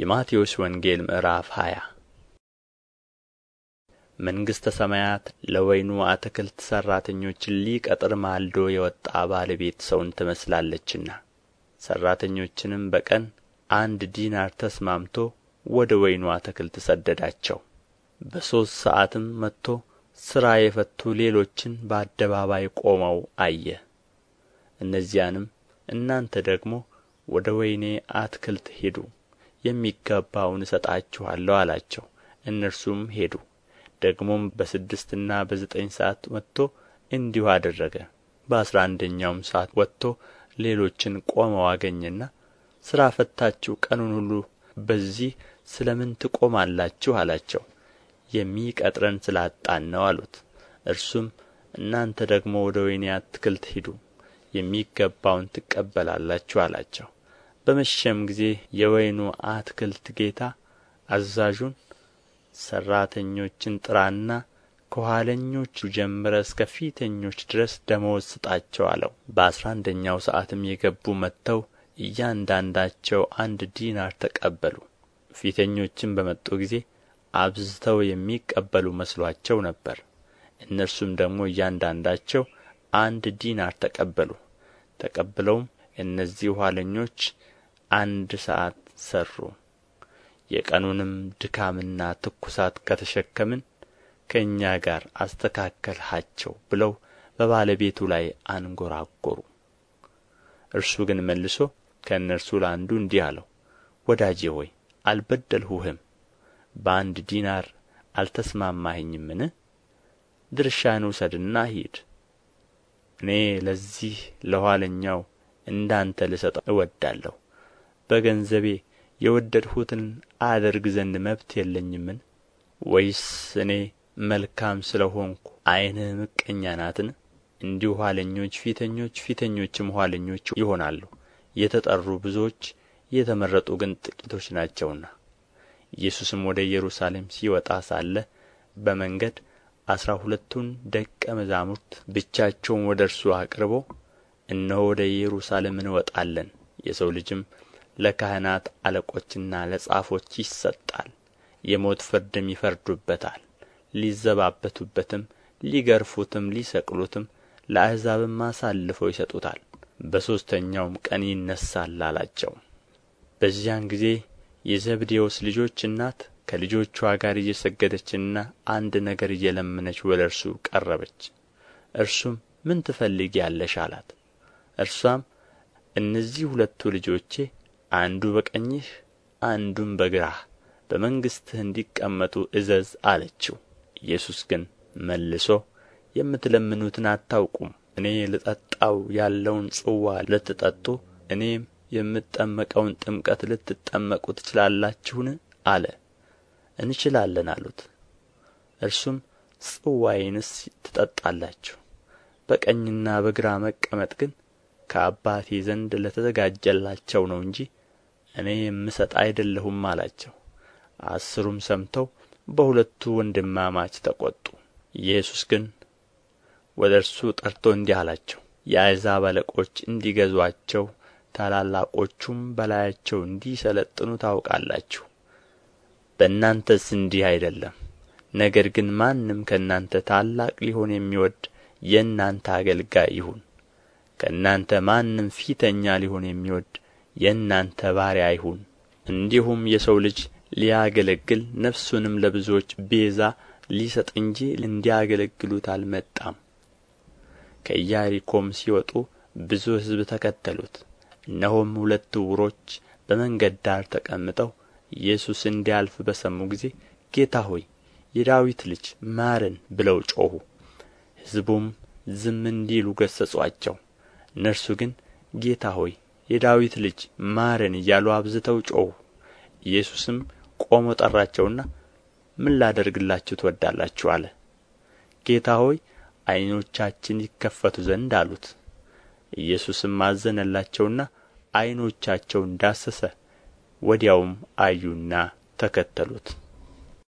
የማቴዎስ ወንጌል ምዕራፍ 20 መንግሥተ ሰማያት ለወይኑ አትክልት ሠራተኞችን ሊቀጥር ማልዶ የወጣ ባለቤት ሰውን ትመስላለችና ሠራተኞችንም በቀን አንድ ዲናር ተስማምቶ ወደ ወይኑ አትክልት ሰደዳቸው በሦስት ሰዓትም መጥቶ ሥራ የፈቱ ሌሎችን በአደባባይ ቆመው አየ እነዚያንም እናንተ ደግሞ ወደ ወይኔ አትክልት ሂዱ የሚገባውን እሰጣችኋለሁ አላቸው እነርሱም ሄዱ ደግሞም በስድስትና በዘጠኝ ሰዓት ወጥቶ እንዲሁ አደረገ በአሥራ አንደኛውም ሰዓት ወጥቶ ሌሎችን ቆመው አገኘና ሥራ ፈታችሁ ቀኑን ሁሉ በዚህ ስለ ምን ትቆማላችሁ አላቸው የሚቀጥረን ስላጣን ነው አሉት እርሱም እናንተ ደግሞ ወደ ወይኔ አትክልት ሂዱ የሚገባውን ትቀበላላችሁ አላቸው በመሸም ጊዜ የወይኑ አትክልት ጌታ አዛዡን ሠራተኞችን ጥራና ከኋለኞቹ ጀምረ እስከ ፊተኞች ድረስ ደመወዝ ስጣቸው አለው በአሥራ አንደኛው ሰዓትም የገቡ መጥተው እያንዳንዳቸው አንድ ዲናር ተቀበሉ ፊተኞችም በመጡ ጊዜ አብዝተው የሚቀበሉ መስሏቸው ነበር እነርሱም ደግሞ እያንዳንዳቸው አንድ ዲናር ተቀበሉ ተቀብለውም እነዚህ ኋለኞች አንድ ሰዓት ሠሩ የቀኑንም ድካምና ትኩሳት ከተሸከምን ከእኛ ጋር አስተካከልሃቸው ብለው በባለቤቱ ላይ አንጐራጐሩ እርሱ ግን መልሶ ከእነርሱ ለአንዱ እንዲህ አለው ወዳጄ ሆይ አልበደልሁህም በአንድ ዲናር አልተስማማኸኝምን ድርሻን ውሰድና ሂድ እኔ ለዚህ ለኋለኛው እንዳንተ ልሰጠው እወዳለሁ በገንዘቤ የወደድሁትን አደርግ ዘንድ መብት የለኝምን ወይስ እኔ መልካም ስለ ሆንሁ ዓይንህ ምቀኛ ናትን እንዲሁ ኋለኞች ፊተኞች ፊተኞችም ኋለኞች ይሆናሉ የተጠሩ ብዙዎች የተመረጡ ግን ጥቂቶች ናቸውና ኢየሱስም ወደ ኢየሩሳሌም ሲወጣ ሳለ በመንገድ አሥራ ሁለቱን ደቀ መዛሙርት ብቻቸውን ወደ እርሱ አቅርቦ እነሆ ወደ ኢየሩሳሌም እንወጣለን የሰው ልጅም ለካህናት አለቆችና ለጻፎች ይሰጣል የሞት ፍርድም ይፈርዱበታል ሊዘባበቱበትም ሊገርፉትም ሊሰቅሉትም ለአሕዛብም አሳልፈው ይሰጡታል በሦስተኛውም ቀን ይነሣል አላቸው በዚያን ጊዜ የዘብዴዎስ ልጆች እናት ከልጆቿ ጋር እየሰገደችና አንድ ነገር እየለመነች ወደ እርሱ ቀረበች እርሱም ምን ትፈልጊያለሽ አላት እርሷም እነዚህ ሁለቱ ልጆቼ አንዱ በቀኝህ አንዱም በግራህ በመንግሥትህ እንዲቀመጡ እዘዝ አለችው ኢየሱስ ግን መልሶ የምትለምኑትን አታውቁም እኔ ልጠጣው ያለውን ጽዋ ልትጠጡ እኔም የምጠመቀውን ጥምቀት ልትጠመቁ ትችላላችሁን አለ እንችላለን አሉት እርሱም ጽዋዬንስ ትጠጣላችሁ በቀኝና በግራ መቀመጥ ግን ከአባቴ ዘንድ ለተዘጋጀላቸው ነው እንጂ እኔ የምሰጥ አይደለሁም አላቸው አስሩም ሰምተው በሁለቱ ወንድማማች ተቈጡ ኢየሱስ ግን ወደ እርሱ ጠርቶ እንዲህ አላቸው የአሕዛብ አለቆች እንዲገዙአቸው ታላላቆቹም በላያቸው እንዲሰለጥኑ ታውቃላችሁ በእናንተስ እንዲህ አይደለም ነገር ግን ማንም ከእናንተ ታላቅ ሊሆን የሚወድ የእናንተ አገልጋይ ይሁን ከእናንተ ማንም ፊተኛ ሊሆን የሚወድ የእናንተ ባሪያ አይሁን እንዲሁም የሰው ልጅ ሊያገለግል ነፍሱንም ለብዙዎች ቤዛ ሊሰጥ እንጂ እንዲያገለግሉት አልመጣም ከኢያሪኮም ሲወጡ ብዙ ሕዝብ ተከተሉት እነሆም ሁለት ዕውሮች በመንገድ ዳር ተቀምጠው ኢየሱስ እንዲያልፍ በሰሙ ጊዜ ጌታ ሆይ የዳዊት ልጅ ማረን ብለው ጮኹ ሕዝቡም ዝም እንዲሉ ገሠጹአቸው እነርሱ ግን ጌታ ሆይ የዳዊት ልጅ ማረን እያሉ አብዝተው ጮኹ ኢየሱስም ቆሞ ጠራቸውና ምን ላደርግላችሁ ትወዳላችሁ አለ ጌታ ሆይ ዓይኖቻችን ይከፈቱ ዘንድ አሉት ኢየሱስም አዘነላቸውና ዓይኖቻቸውን ዳሰሰ ወዲያውም አዩና ተከተሉት